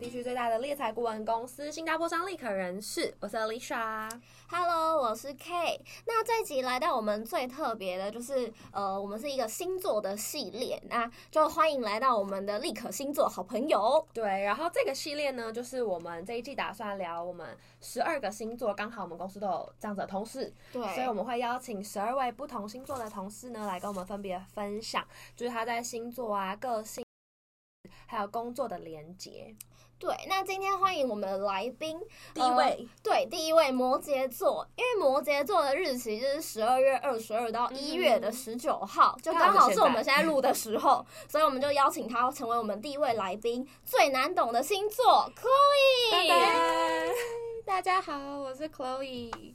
地區最大的獵才顧問公司新加坡商立可人事，我是 Alisha。Hello，我是 K。那這一集來到我們最特別的，就是呃，我們是一個星座的系列，那就歡迎來到我們的立可星座好朋友。對，然後這個系列呢，就是我們這一季打算聊我們十二個星座，剛好我們公司都有這樣子的同事，對，所以我們會邀請十二位不同星座的同事呢，來跟我們分別分享，就是他在星座啊、個性，還有工作的連結。對，那今天歡迎我們的來賓第一位，呃，對，第一位摩羯座，因為摩羯座的日期就是十二月二十二到一月的十九號，嗯、就剛好是我們現在錄的時候，所以我們就邀請他成為我們第一位來賓，最難懂的星座 ，Chloe 登登。大家好，我是 Chloe。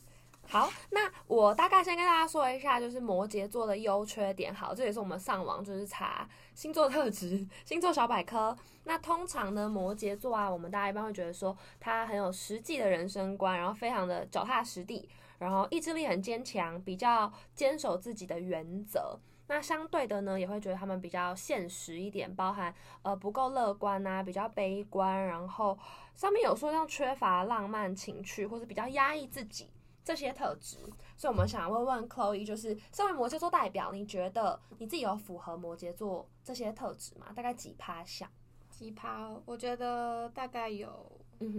好，那我大概先跟大家說一下，就是摩羯座的優缺點。好，這也是我們上網就是查星座特質、星座小百科。那通常呢，摩羯座啊，我們大家一般會覺得說，他很有實際的人生觀，然後非常的腳踏實地，然後意志力很堅強，比較堅守自己的原則。那相對的呢，也會覺得他們比較現實一點，包含呃不夠樂觀啊，比較悲觀，然後上面有說像缺乏浪漫情趣，或是比較壓抑自己。這些特質、嗯，所以我們想要問問 Chloe，就是身為摩羯座代表，你覺得你自己有符合摩羯座這些特質嗎？大概幾趴像？幾趴？我覺得大概有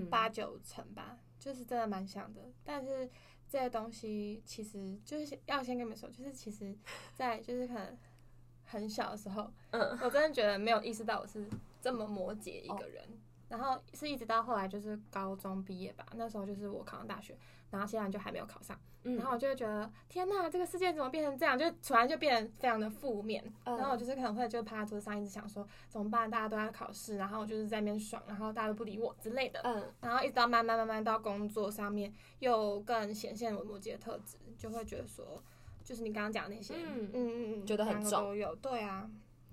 八九成吧，嗯，就是真的蠻像的。但是這些東西其實就是要先跟你們說，就是其實，在就是很 很小的時候，嗯，我真的覺得沒有意識到我是這麼摩羯一個人。Oh. 然後是一直到後來就是高中畢業吧，那時候就是我考上大學，然後現在就還沒有考上，嗯、然後我就會覺得天吶，這個世界怎麼變成這樣？就突然就變得非常的負面，嗯，然後我就是可能會就趴在桌子上一直想說怎麼辦？大家都在考試，然後我就是在那邊爽，然後大家都不理我之類的。嗯，然後一直到慢慢慢慢到工作上面，又更顯現摩羯的特質，就會覺得說，就是你剛剛講的那些，嗯嗯嗯，覺得很重都有，對啊，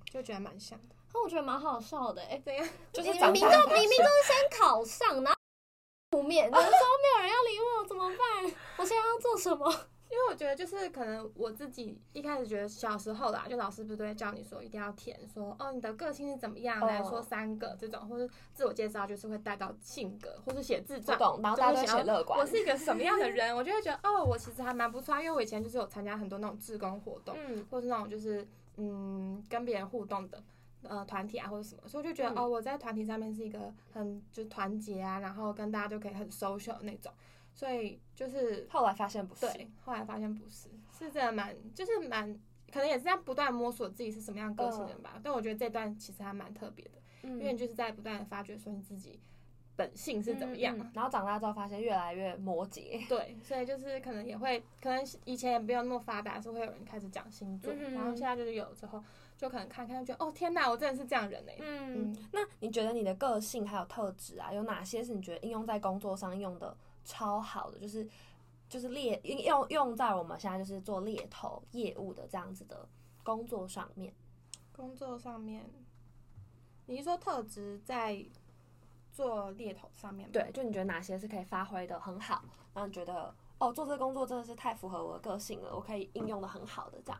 就覺得蠻像的。但我覺得蠻好笑的、欸，哎、欸，怎樣就是明明明明就是先考上， 然後撲面，有時說沒有人要理我， 怎麼辦？我現在要做什麼？因為我覺得就是可能我自己一開始覺得小時候啦、啊，就老師不是都會叫你說一定要填說哦，你的個性是怎麼樣，來說三個這種，oh. 或者自我介紹就是會帶到性格，或是寫自傳，然後大家都寫樂觀，就是、我是一個什麼樣的人？ 我就會覺得哦，我其實還蠻不錯，因為我以前就是有參加很多那種志工活動，嗯、mm.，或是那種就是嗯跟別人互動的。呃，團體啊，或者什麼，所以我就覺得，嗯、哦，我在團體上面是一個很就團結啊，然後跟大家就可以很 social 的那種，所以就是後來發現不是，對，後來發現不是，是真的蠻，就是蠻可能也是在不斷摸索自己是什麼樣個性的人吧，呃、但我覺得這段其實還蠻特別的，嗯，因為你就是在不斷的發掘說你自己，本性是怎麼樣、嗯嗯？然後長大之後發現越來越摩羯。對，所以就是可能也會，可能以前也沒有那麼發達，就會有人開始講星座。然後現在就是有了之後，就可能看看就覺得哦，天哪，我真的是這樣人呢、欸。嗯，那你覺得你的個性還有特質啊，有哪些是你覺得應用在工作上用的超好的？就是就是獵應用用在我們現在就是做獵頭業務的這樣子的工作上面。工作上面，你是說特質在？做獵頭上面，對，就你覺得哪些是可以發揮的很好？然後你覺得哦，做這個工作真的是太符合我的個性了，我可以應用的很好的這樣。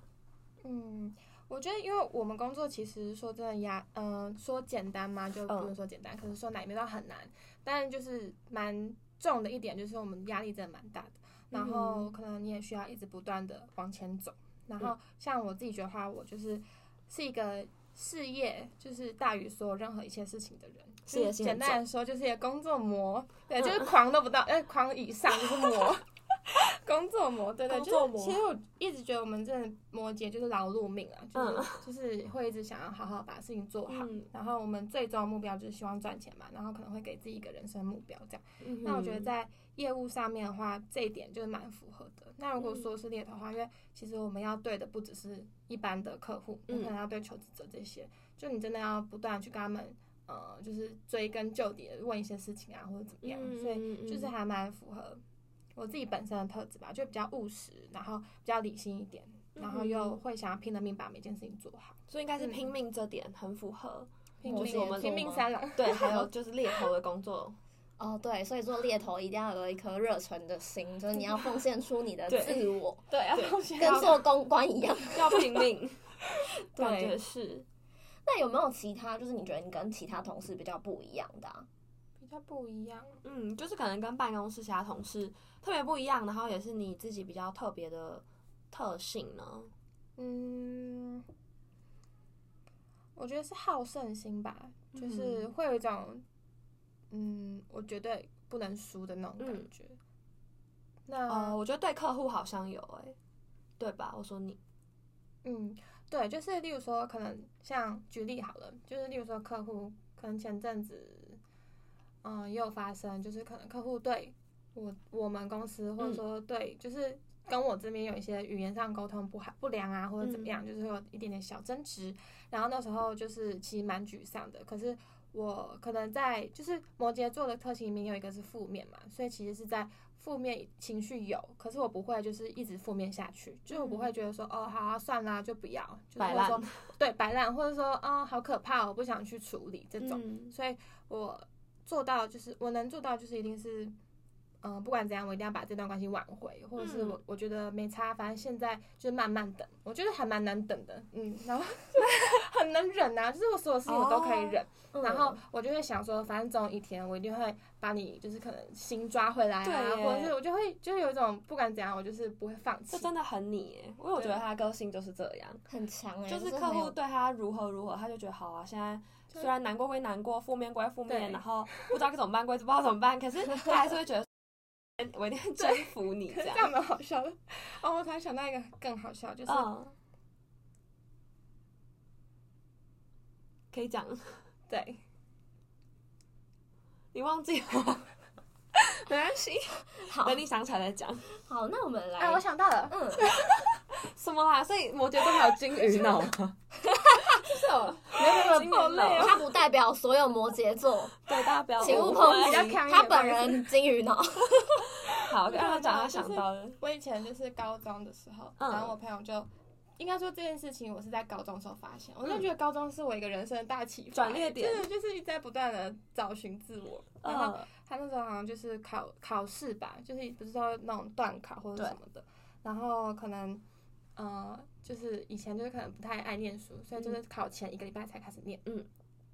嗯，我覺得因為我們工作其實說真的壓，嗯、呃，說簡單嘛，就不能說簡單，嗯、可是說哪一邊都很難。但就是蠻重的一點就是我們壓力真的蠻大的。然後可能你也需要一直不斷的往前走。然後像我自己覺得話，我就是是一個事業就是大於說任何一些事情的人。是，是簡單的說就是工作魔、嗯，對，就是狂都不到，哎、欸，狂以上就是魔、嗯，工作魔，對，對對，就是、其實我一直覺得我們這摩羯就是勞碌命啊，就是、嗯、就是會一直想要好好把事情做好，嗯、然後我們最終目標就是希望賺錢嘛，然後可能會給自己一個人生目標這樣。嗯、那我覺得在業務上面的話，這一點就是蠻符合的。那如果說是獵頭的話，因為其實我們要對的不只是一般的客戶，嗯、可能要對求職者這些，就你真的要不斷去跟他們。呃、嗯，就是追根究底的問一些事情啊，或者怎麼樣，嗯、所以就是還蠻符合我自己本身的特質吧，就比較務實，然後比較理性一點，然後又會想要拼了命把每件事情做好，嗯、所以應該是拼命這點很符合。嗯、拼命就是我們我拼命三郎，對， 還有就是獵頭的工作。哦、oh，對，所以做獵頭一定要有一顆熱忱的心， 就是你要奉獻出你的自我，對，要奉獻，跟做公關一樣，要要拼命。 對，是。那有沒有其他，就是你覺得你跟其他同事比較不一樣的、啊？比較不一樣，嗯，就是可能跟辦公室其他同事特別不一樣，然後也是你自己比較特別的特性呢？嗯，我覺得是好勝心吧，就是會有一種，嗯，嗯我絕對不能輸的那種感覺。嗯、那呃，我覺得對客戶好像有、欸，哎，對吧？我說你，嗯。對，就是例如說，可能像舉例好了，就是例如說客戶可能前陣子，嗯，也有發生，就是可能客戶對我我們公司或者說對，就是跟我這邊有一些語言上溝通不好，不良啊，或者怎麼樣，就是會有一點點小爭執，然後那時候就是其實蠻沮喪的。可是我可能在就是摩羯座的特性裡面有一個是負面嘛，所以其實是在。負面情緒有，可是我不會，就是一直負面下去，嗯、就是、我不會覺得說，哦，好、啊，算啦，就不要，就是說， 對，擺爛，或者說，嗯、哦，好可怕，我不想去處理這種、嗯，所以我做到就是，我能做到就是一定是。嗯，不管怎樣，我一定要把這段關係挽回，或者是我、嗯、我覺得沒差，反正現在就是慢慢等，我覺得還蠻難等的，嗯，然後對，很能忍啊，就是我所有事情我都可以忍，oh, 然後我就會想說，反正總有一天我一定會把你就是可能心抓回來啊，對或者是我就會就有一種不管怎樣，我就是不會放棄，這真的很你耶，因為我覺得他的個性就是這樣，很強耶，就是客戶對他如何如何，他就覺得好啊，現在雖然難過歸難過，負面歸負面，然後不知道該怎麼辦，不知道怎麼辦，可是他還是會覺得。我一定征服你，這樣蠻好笑的。 哦，我突然想到一個更好笑，就是、uh, 可以講。對，你忘記？ 沒關係，等你想起來再講。好，那我們來。哎、啊，我想到了， 嗯，什麼啦？所以摩羯座還有金魚腦。 就是，哦、嗯，沒有沒有，他不代表所有摩羯座。 對，大家不要，請勿抨擊。他本人金魚腦。 好，剛他講到想到的，我以前就是高中的時候，嗯、然後我朋友就，應該說這件事情，我是在高中的時候發現。嗯、我真的覺得高中是我一個人生的大起轉捩點，就是就是一直在不斷的找尋自我、嗯。然後他那時候好像就是考考試吧，就是不知道那種段考或者什麼的，然後可能，嗯、呃。就是以前就是可能不太愛念書，所以就是考前一個禮拜才開始念，嗯，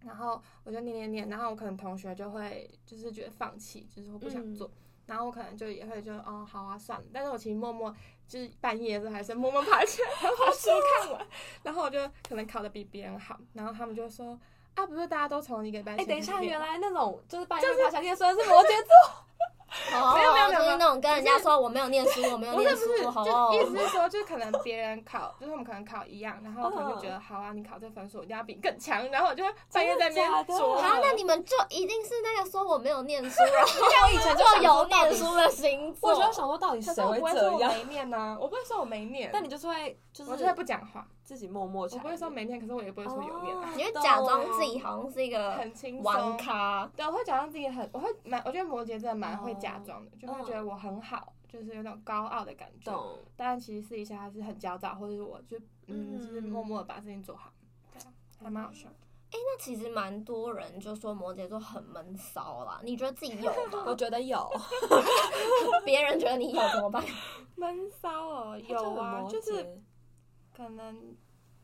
然後我就念念念，然後我可能同學就會就是覺得放棄，就是我不想做、嗯，然後我可能就也會就哦好啊算了，但是我其實默默就是半夜的時候還是默默爬起來把書看完， 然後我就可能考的比別人好，然後他們就說啊不是大家都從一個班、欸，哎等一下原來那種就是半夜爬起來想念書的、就是摩羯座。 沒有沒有沒有，就是那種跟人家說我沒有念書，是我沒有念書，不是好好就是意思是說，就是可能別人考， 就是我們可能考一樣，然後可能就覺得 好啊， 你考這分數我一定要比你更強，然後就會半夜在那邊說。好、啊，那你們就一定是那個說我沒有念書、啊，然後做有念書的型。我就想說，到底， 我到底是誰會說我沒念啊，我不會說我沒念。但你就是會，就是。我就會不講話。自己默默，我不會說每天，可是我也不會說有面。你、哦、會、啊、假裝自己好像是一個很輕鬆。網咖，對，我會假裝自己很，我會蠻，我覺得摩羯座蠻會假裝的、哦，就會覺得我很好，嗯、就是有那種高傲的感覺。嗯、但其實私底下還是很焦躁，或者我就嗯，就、嗯、是默默把事情做好。嗯、對啊，還蠻好笑的。哎、欸，那其實蠻多人就說摩羯座很悶騷啦，你覺得自己有嗎？ 我覺得有。別 人覺得你有怎麼辦？悶騷哦，有啊，就是。就是可能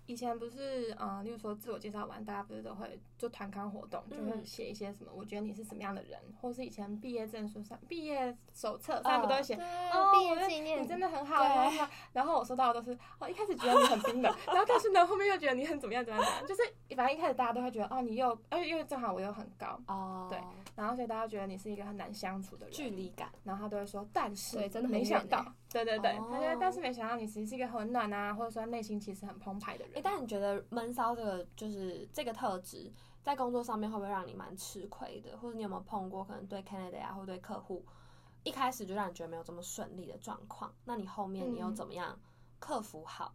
以前不是，嗯、呃，例如說自我介紹完，大家不是都會做團康活動，嗯、就會寫一些什麼，我覺得你是什麼樣的人，或是以前畢業證書上、畢業手冊上面都會寫、嗯，哦，畢、哦、業紀念你，你真的很好。對哦、然後我收到的都是，哦，一開始覺得你很冰冷， 然後但是呢，後面又覺得你很怎麼樣怎麼樣怎麼樣，就是反正一開始大家都會覺得，哦，你又，哎，因為正好我又很高，哦，對，然後所以大家覺得你是一個很難相處的人，距離感，然後他都會說，但是真的沒想到。對對對，oh。但是沒想到你其實是一個很暖啊，或者說內心其實很澎湃的人。一、欸、但你覺得悶騷這個就是這個特質，在工作上面會不會讓你蠻吃虧的？或者你有沒有碰過可能對 Canada 啊，或對客戶，一開始就讓你覺得沒有這麼順利的狀況？那你後面你又怎麼樣克服好？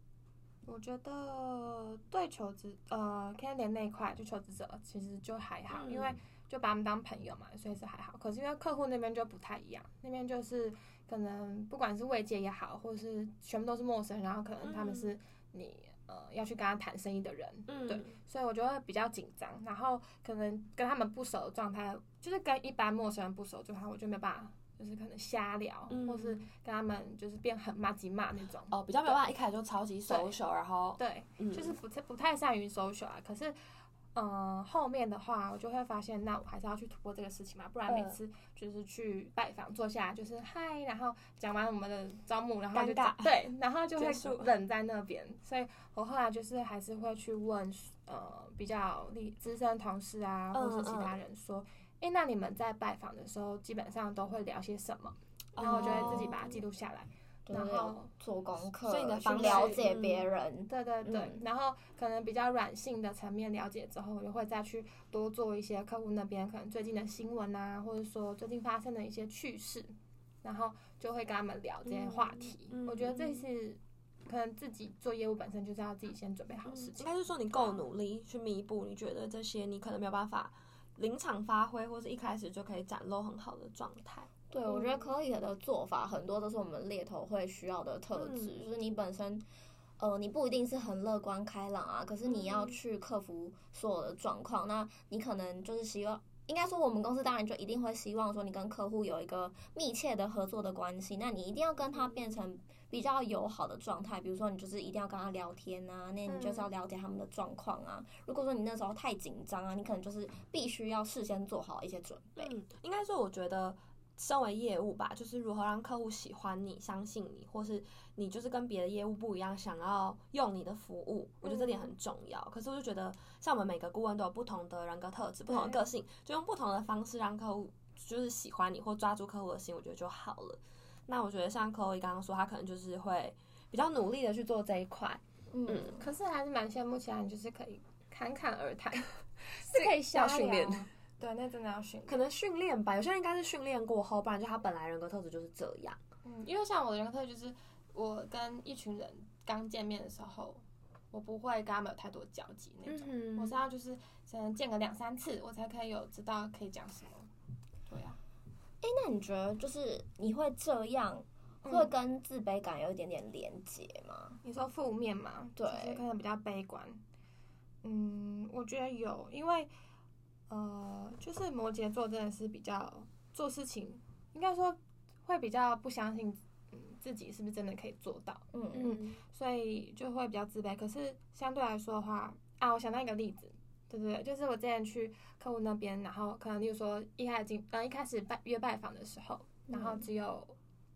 嗯、我覺得對求職呃 Canada 那一塊就求職者其實就還好，嗯、因為就把他們當朋友嘛，所以是還好。可是因為客戶那邊就不太一樣，那邊就是。可能不管是外界也好，或是全部都是陌生人，然後可能他們是你、嗯、呃要去跟他談生意的人、嗯，對，所以我覺得比較緊張，然後可能跟他們不熟的狀態，就是跟一般陌生人不熟的話，我就沒辦法，就是可能瞎聊、嗯，或是跟他們就是變很麻吉麻吉那種，哦，比較沒有辦法，一開始就超級 social，然後對、嗯，就是不不太善於 social 啊，可是。嗯，後面的話我就會發現，那我還是要去突破這個事情嘛，不然每次就是去拜訪、嗯、坐下來，就是嗨，然後講完我們的招募，然後就對，然後就會冷在那邊，所以我後來就是還是會去問呃比較歷資深同事啊、嗯，或者其他人說，哎、嗯嗯欸，那你們在拜訪的時候基本上都會聊些什麼？然後我就會自己把它記錄下來。嗯嗯然後做功課，所以你的方式了解別人，嗯、對對對、嗯。然後可能比較軟性的層面了解之後，我就會再去多做一些客戶那邊可能最近的新聞啊，或者說最近發生的一些趣事，然後就會跟他們聊這些話題。嗯、我覺得這是可能自己做業務本身就是要自己先準備好事情。應、嗯、是說你夠努力去彌補，你覺得這些你可能沒有辦法臨場發揮，或是一開始就可以展露很好的狀態。對、嗯，我覺得 Chloe 的做法很多都是我們獵頭會需要的特質、嗯，就是你本身，呃，你不一定是很樂觀開朗啊，可是你要去克服所有的狀況、嗯，那你可能就是希望，應該說我們公司當然就一定會希望說你跟客戶有一個密切的合作的關係，那你一定要跟他變成比較友好的狀態，比如說你就是一定要跟他聊天啊，那你就是要了解他們的狀況啊、嗯，如果說你那時候太緊張啊，你可能就是必須要事先做好一些準備，嗯、應該說我覺得。身為業務吧，就是如何讓客戶喜歡你、相信你，或是你就是跟別的業務不一樣，想要用你的服務，我覺得這點很重要。嗯、可是我就覺得，像我們每個顧問都有不同的人格特質、不同的個性，就用不同的方式讓客戶就是喜歡你或抓住客戶的心，我覺得就好了。那我覺得像 Chloe 剛剛說，他可能就是會比較努力的去做這一塊、嗯。嗯，可是還是蠻羨慕其他人，就是可以侃侃而談， 是可以笑瞎的對，那真的要訓練，可能訓練吧，有些人應該是訓練過後，不然就他本來人格特質就是這樣。嗯，因為像我的人格特質就是，我跟一群人剛見面的時候，我不會跟他們有太多交集那種，嗯、我是要就是，只能，見個兩三次，我才可以有知道可以講什麼。對呀、啊，哎、欸，那你覺得就是你會這樣，會跟自卑感有一點點連結嗎、嗯？你說負面嘛？對，可能比較悲觀。嗯，我覺得有，因為。呃，就是摩羯座真的是比較做事情，應該說會比較不相信，自己是不是真的可以做到，嗯，嗯嗯，所以就會比較自卑。可是相對來說的話，啊，我想到一個例子，對不對，對？就是我之前去客戶那邊，然後可能例如說一開始進，呃，一開始拜約拜訪的時候，然後只有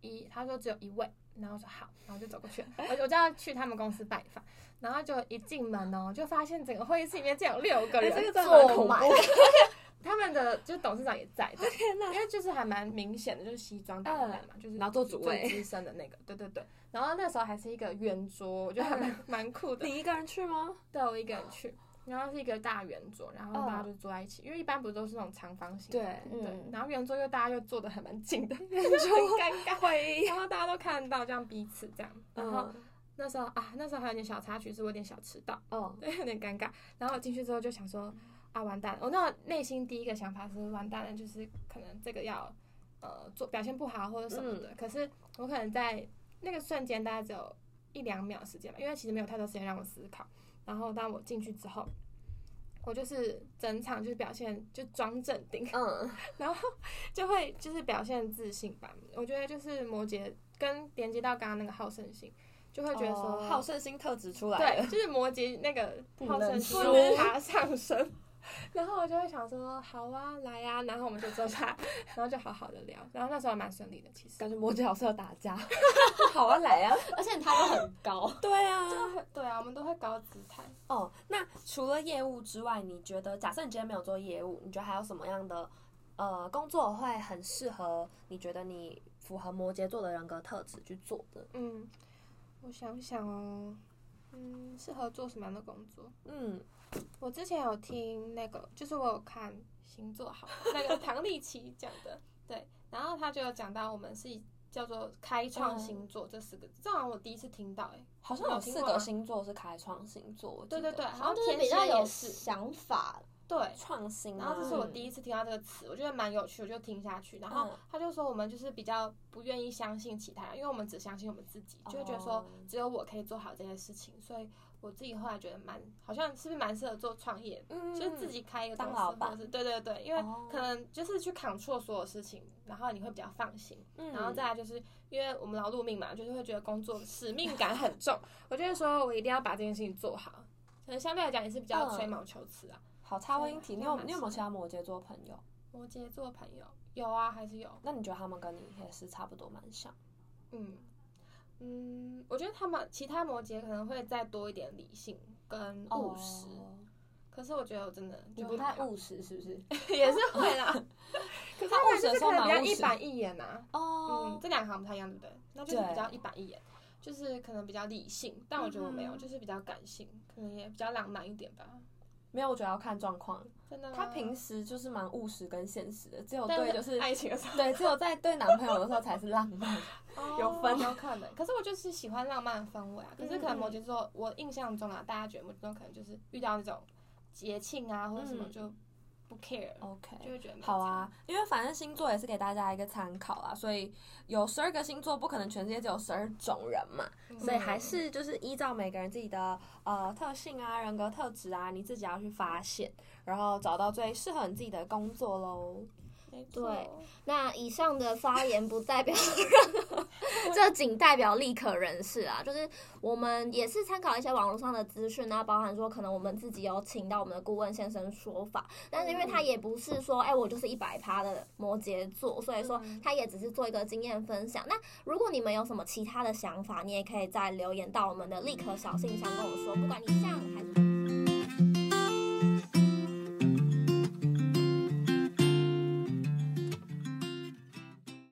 一，他說只有一位。然後我說好，然後我就走過去了，我我就要去他們公司拜訪。然後就一進門哦，就發現整個會議室裡面只有六個人坐滿。哎這個、 他們的就董事長也在。對，天吶。因為就是還蠻明顯的，就是西裝打扮嘛、嗯，就是然後坐主位資深的那個，對對對。然後那時候還是一個圓桌，我覺得還蠻、嗯、蠻酷的。你一個人去嗎？對，我一個人去。然後是一個大圓桌，然後大家就坐在一起，uh, 因為一般不都是那種長方形對對、嗯。然後圓桌又大家又坐的還蠻近的， 就很尷尬。 然後大家都看到 這樣彼此這樣。Uh, 然後那時候啊，那時候還有點小插曲，是我有點小遲到，哦、uh,，對，有點尷尬。然後進去之後就想說，uh, 啊完蛋了！哦、那我那內心第一個想法是完蛋了，就是可能這個要呃做表現不好或者什麼的、嗯。可是我可能在那個瞬間大概只有一兩秒時間吧，因為其實沒有太多時間讓我思考。然後當我進去之後，我就是整場就是表現就裝鎮定，嗯，然後就會就是表現自信吧。我覺得就是摩羯跟連接到剛剛那個好勝心，就會覺得說好勝心特質出來，對，就是摩羯那個好勝心爬上身。 然後我就會想說，好啊，來啊，然後我們就坐下，然後就好好的聊。然後那時候還蠻順利的，其實感覺摩羯好適合打架。 好啊，來啊！ 而且他又很高。對啊，對啊，我們都會高姿態。哦、oh，那除了業務之外，你覺得假設你今天沒有做業務，你覺得還有什麼樣的呃工作會很適合？你覺得你符合摩羯座的人格特質去做的？嗯，我想想哦，嗯，適合做什麼樣的工作？嗯。我之前有聽那個，就是我有看星座好，好 那個唐立淇講的，對，然後他就有講到我們是叫做開創星座這四個字，嗯，正好我第一次聽到，欸，哎、哦，好像有四個星座是開創星座，對對對，好像就是比較有想法，啊，對，創新。然後這是我第一次聽到這個詞，我覺得蠻有趣，我就聽下去。然後他就說我們就是比較不願意相信其他，因為我們只相信我們自己，就會覺得說只有我可以做好這件事情，所以。我自己後來覺得蠻，好像是不是蠻適合做創業，嗯，就是自己開一個公司，當老板，對對對，因為可能就是去 control 所有事情、嗯，然後你會比較放心、嗯，然後再來就是因為我們勞碌命嘛，就是會覺得工作使命感很重， 我覺得說我一定要把這件事情做好，可能相對來講也是比較吹毛求疵啊。嗯，好差，插問一題，你有你有沒有其他摩羯座朋友？摩羯座朋友有啊，還是有？那你覺得他們跟你也是差不多蠻像？嗯。嗯，我覺得他們其他摩羯可能會再多一點理性跟務實，oh. 可是我覺得我真的就不太，不太務實，是不是？ 也是會啦。Oh. 可是務實可能比較一板一眼啊哦，oh. 嗯，這兩行不太一樣，對不對？那就是比較一板一眼，就是可能比較理性，但我覺得我沒有，就是比較感性，可能也比較浪漫一點吧。沒有，我覺得要看狀況。真的，他平時就是蠻務實跟現實的，只有對就是，是愛情的時候，對， 只有在對男朋友的時候才是浪漫， Oh, 有分有可能。可是我就是喜歡浪漫的氛圍啊。可是可能摩羯座，我印象中啊，嗯、大家覺得摩羯座可能就是遇到那種節慶啊，或者什麼就。嗯 care，OK，、okay，好啊，因為反正星座也是給大家一個參考啦，所以有十二個星座，不可能全世界只有十二種人嘛，嗯，所以還是就是依照每個人自己的呃特性啊，人格特質啊，你自己要去發現，然後找到最適合你自己的工作咯。對，那以上的發言不代表這 僅 代表立可人事啊，就是我們也是參考一些網絡上的資訊啊，那包含說可能我們自己有請到我們的顧問先生說法，但是因為他也不是說哎、欸、我就是一百趴的摩羯座，所以說他也只是做一個經驗分享。那如果你們有什麼其他的想法，你也可以在留言到我們的立可小信箱跟我說，不管你像還是。